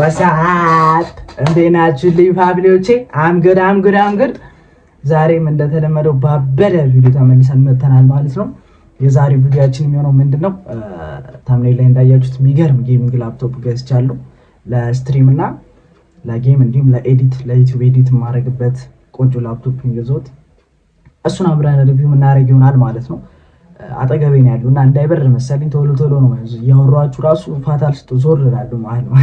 ወሳት እንዴት ናችሁልኝ ፋሚሊዎቼ? አምግድ አምግድ አምግድ። ዛሬም እንደተለመደው ባበደ ቪዲዮ ተመልሰን መተናል ማለት ነው። የዛሬ ቪዲዮችን የሚሆነው ምንድን ነው? ታምኔል ላይ እንዳያችሁት የሚገርም ጌሚንግ ላፕቶፕ ገዝቻለሁ። ለስትሪም እና ለጌም እንዲሁም ለኤዲት ለዩቲዩብ ኤዲት የማደርግበት ቆንጆ ላፕቶፕ ገዛሁት። እሱን አብረን ሪቪው የምናደርግ ይሆናል ማለት ነው። አጠገቤ ነው ያሉ እና እንዳይበር መሰለኝ ቶሎ ቶሎ ነው እያወራችሁ ራሱ ፋታል ስጡ ዞር ላሉ ማለት ነው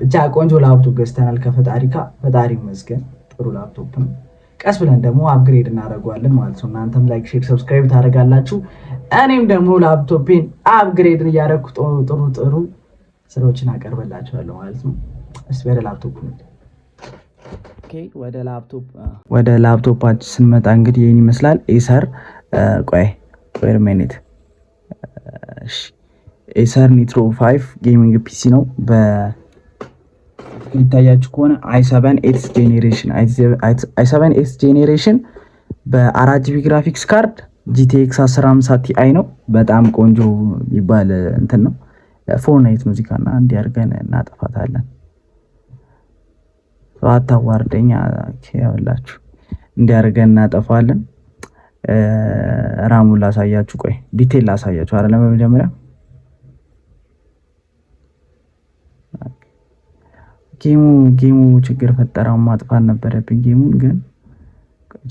ብቻ ቆንጆ ላፕቶፕ ገዝተናል ከፈጣሪ ካ ፈጣሪ ይመስገን። ጥሩ ላፕቶፕ ነው። ቀስ ብለን ደግሞ አፕግሬድ እናደርገዋለን ማለት ነው። እናንተም ላይክ፣ ሼር፣ ሰብስክራይብ ታደርጋላችሁ። እኔም ደግሞ ላፕቶፔን አፕግሬድን እያደረግኩ ጥሩ ጥሩ ጥሩ ስራዎችን አቀርበላችኋለሁ ማለት ነው። እስ ወደ ላፕቶፕ ወደ ላፕቶፓችን ስንመጣ እንግዲህ ይህን ይመስላል። ኤሰር ቆይ ወይር ሜኔት ኤሰር ኒትሮ 5 ጌሚንግ ፒሲ ነው። በሚታያችሁ ከሆነ አይሰቨን ኤትስ ጄኔሬሽን አይሰቨን ኤትስ ጄኔሬሽን በአራት ጂቢ ግራፊክስ ካርድ ጂቲኤክስ 1050 ቲአይ ነው። በጣም ቆንጆ የሚባል እንትን ነው። ፎርናይት ሙዚቃ እና አንድ ያርገን እናጠፋታለን። አታዋርደኛ ያላችሁ እንዲያደርገን እናጠፋለን። ራሙን ላሳያችሁ፣ ቆይ ዲቴል ላሳያችሁ አለ መጀመሪያ ጌሙ ጌሙ ችግር ፈጠረው። ማጥፋት ነበረብኝ ጌሙን ግን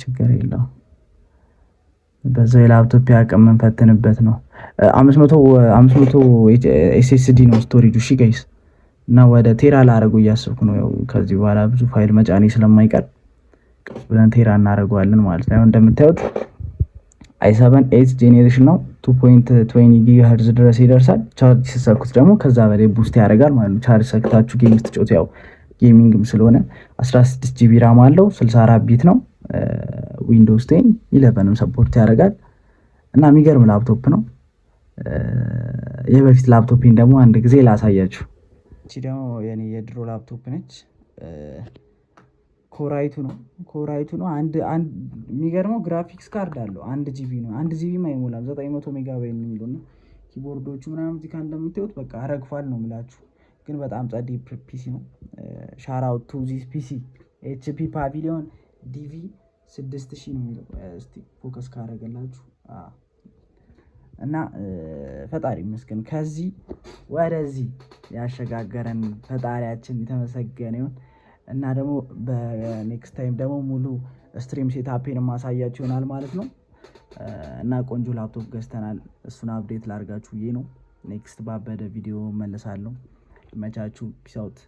ችግር የለው። በዛው የላፕቶፕ አቅም የምንፈትንበት ነው። አምስት መቶ አምስት መቶ ኤስኤስዲ ነው ስቶሬጁ። እሺ ጋይስ እና ወደ ቴራ ላደርገው እያስብኩ ነው። ያው ከዚህ በኋላ ብዙ ፋይል መጫኔ ስለማይቀር ብለን ቴራ እናደርገዋለን ማለት ነው። እንደምታዩት i7 ጄኔሬሽን ነው 2.20 ጊጋ ድረስ ይደርሳል። ቻርጅ ስትሰኩት ደግሞ ከዛ በላይ ቡስት ያደርጋል ማለት ነው። ቻርጅ ሰክታችሁ ጌም ስትጮት ያው ጌሚንግም ስለሆነ 16 ጂቢ ራም አለው 64 ቢት ነው። ዊንዶውስ 10 ኢለቨንም ሰፖርት ያደርጋል እና የሚገርም ላፕቶፕ ነው። የበፊት ላፕቶፕን ደግሞ አንድ ጊዜ ላሳያችሁ። እቺ ደግሞ የኔ የድሮ ላፕቶፕ ነች። ኮራይቱ ነው ኮራይቱ ነው። አንድ አንድ የሚገርመው ግራፊክስ ካርድ አለው። አንድ ጂቢ ነው። አንድ ጂቢም አይሞላም። ዘጠኝ መቶ ሜጋባይት ነው የሚሉ ነው። ኪቦርዶቹ ምናምን እዚህ ጋር እንደምታዩት በቃ ረግፏል ነው የምላችሁ። ግን በጣም ጸዲ ፒሲ ነው። ሻራውቱ ዚስ ፒሲ ኤችፒ ፓቪሊዮን ዲቪ ስድስት ሺህ ነው የሚለው እስቲ ፎከስ ካረገላችሁ እና ፈጣሪ ይመስገን ከዚህ ወደዚህ ያሸጋገረን ፈጣሪያችን የተመሰገነ ይሁን። እና ደግሞ በኔክስት ታይም ደግሞ ሙሉ ስትሪም ሴታፔን ማሳያችሁ ይሆናል ማለት ነው። እና ቆንጆ ላፕቶፕ ገዝተናል። እሱን አፕዴት ላርጋችሁ ብዬ ነው። ኔክስት ባበደ ቪዲዮ መለሳለሁ። ይመቻችሁ። ፒስ አውት